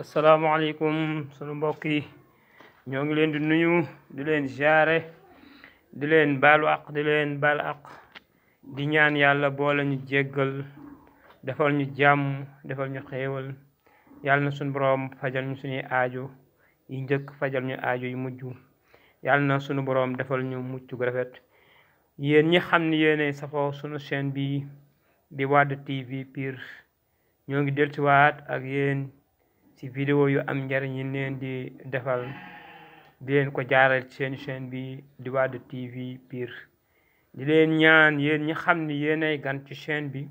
asalaamaaleykum sunu mbokk yi ñoo ngi leen di nuyu di leen jaare di leen baalu àq di leen baal àq di ñaan yàlla boole ñu jéggal defal ñu jàmm defal ñu xéewal yàlla na sunu borom fajal ñu suñuy aajo yi njëkk fajal ñu aajo yu mujj yàlla na sunu borom defal ñu mucc gu rafet yéen ñi xam ne yéenay safoo sunu chaîne bi di Wade TV Pire ñoo ngi dellusiwaat ak yéen. ci vidéo yu am njariñ yi leen di defal di leen ko jaaral ci seen bi di Wade TV piir di leen ñaan yéen ñi xam ni yéenay gan ci chaîne bi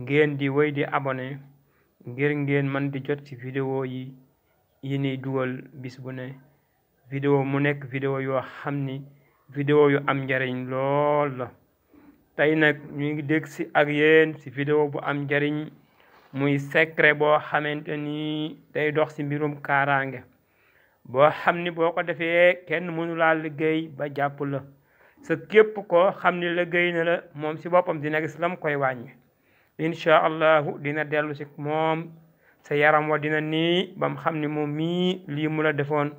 ngeen di wéy di abone ngir ngeen mën di jot ci vidéo yi yi ni dugal bis bu ne vidéo mu nekk vidéo yoo xam ni vidéo yu am njariñ lool la nag ñu ngi si ak yéen si vidéo bu am njariñ muy secret bo xamanteni ni day dox ci mbirum karange bo xamni ni defé kenn mënu la liggéey ba japp la sa képp ko xamni ni liggéey na la mom ci boppam dina gis lam koy wañi insha allah dina delu ci mom sa yaram wa dina ni bam xamni ni mi li mu la defoon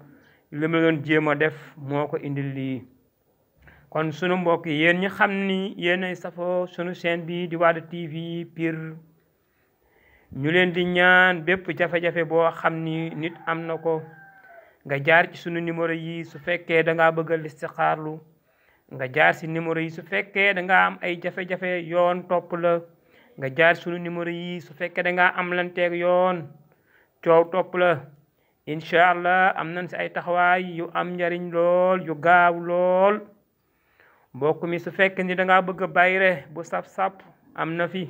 li mu la don jema def moko ko indil kon sunu mbok yeen ñi xamni ni safo sunu chaîne bi di wad TV pir ñu leen di ñaan bépp jafe-jafe boo xam ni nit am na ko nga jaar ci sunu numéro yi su fekkee da ngaa bëgg a listixaarlu nga jaar si numéro yi su fekkee da ngaa am ay jafe-jafe yoon topp la nga jaar sunu numéro yi su fekkee da ngaa am lanteeg yoon coow topp la incha allah am nañ si ay taxawaay yu am njariñ lool yu gaaw lool mbokk mi su fekkee ni da ngaa bëgg a bayre bu sap-sap am na fi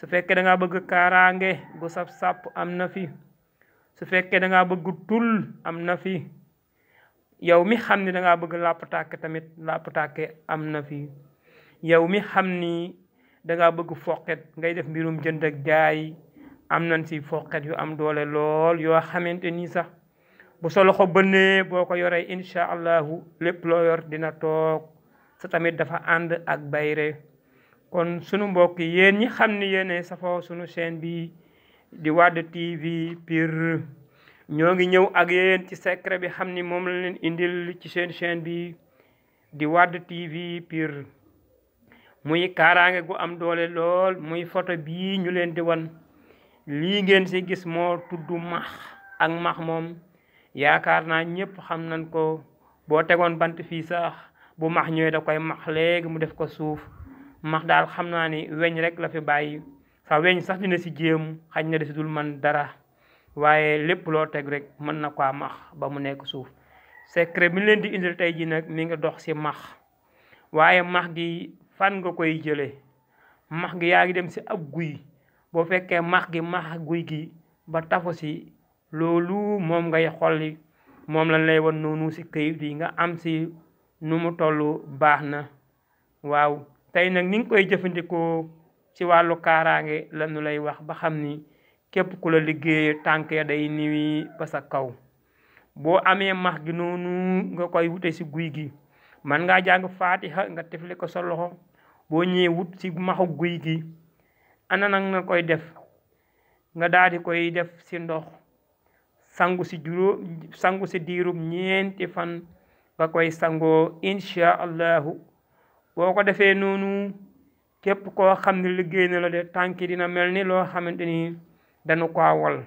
su fekke da nga bëgg karange gu sap-sap am na fi su fekke da nga bëgg tul am na fi yow mi xamni da nga bëgg làpp tàkke tamit làpp takke am na fi yow mi xamni da nga bëgg foqet ngay def mbirum jënd ak jaay am nañ si yu am doole lool yo xamanteni sax bu solo boko yoré allahu lépp yor dina tok. sa tamit dafa and ak bayre kon sunu mbokk yéen ñi xam ni yéene safoo sunu chaîne bi di Wade TV Pire ñoo ngi ñëw ak yéen ci secret bi xam ni moom la leen indil ci seen chaîne bi di Wade TV Pire muy kaaraange gu am doole lool muy photo bii ñu leen di wan lii ngeen ci gis moo tudd max ak max moom yaakaar naa ñépp xam nañ ko boo tegoon bant fii sax bu max ñëwee da koy max léegi mu def ko suuf max daal xam naa ni weñ rek la fi bàyyi sa weñ sax dina si jéem xañ na desi dul man dara waaye lépp loo teg rek mën na ko max ba mu nekk suuf secret bi leen di indil tey ji nag mi ngi dox si max waaye max gi fan nga koy jëlee max gi yaa ngi dem si ab guy boo fekkee max gi max guy gi ba tafu si loolu moom ngay xolli moom lañ lay wan noonu si këyit yi nga am si nu mu toll baax na waaw tey nag ni nga koy jëfandikoo ci wàllu kaaraange la lay wax ba xam ni képp ku la liggéey tànk day niwi ba sa kaw boo amee max gi noonu nga koy wute si guy gi man ngaa jàng faatiha nga tefli ko sa loxo boo ñëwee wut si maxu guy gi ana nag nga koy def nga daal koy def si ndox sangu si juróom sangu ñeenti fan nga koy sangoo incha allahu boko defé nonu noonu képp koo xam liggéey na la dé tanki dina melni lo loo xamante ko wal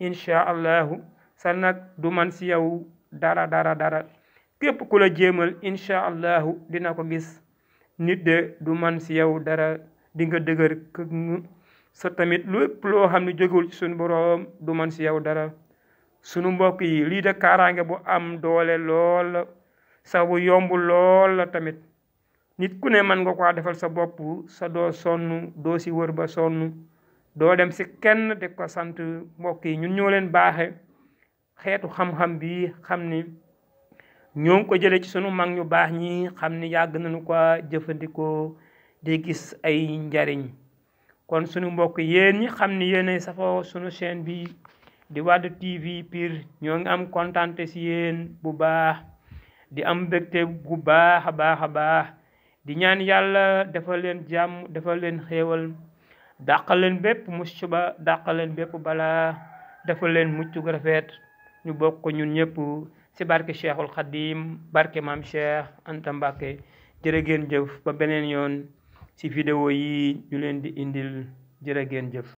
insha allahu sa nag du man ci yow dara dara dara képp ku la jémal insha allahu dina ko gis nit dé du man ci yow dara di nga dëgër këng sa tamit lepp lo xamni ne ci sunu borom du man ci yow dara sunu mbokk yi li de karange bu am doole lool sa bu yombul lool tamit nit ku ne mën nga ko defal sa boppu sa doo sonn doo si wër ba sonn doo dem si kenn di ko sant mbokk yi ñun ñoo leen baaxe xeetu xam-xam bi xam ni ñoo ngi ko jëlee ci sunu mag ñu baax ñi xam ni yàgg nañu ko jëfandikoo di gis ay njariñ kon sunu mbokk yéen ñi xam ni yéenay safoo sunu chaîne bi di Wade TV Pire ñoo ngi am kontaan si yéen bu baax di am mbégte bu baax a baax a baax di ñaan yàlla defal leen jàmm defal leen xéewal dàqal leen bépp musiba dàqal leen bépp bala defal leen mucc rafet ñu bokk ko ñun ñëpp ci barke Cheikhul Khadim barke mam Cheikh Anta Mbacke jërë ngeen jëf ba beneen yoon ci vidéo yi ñu leen di indil jërë ngeen jëf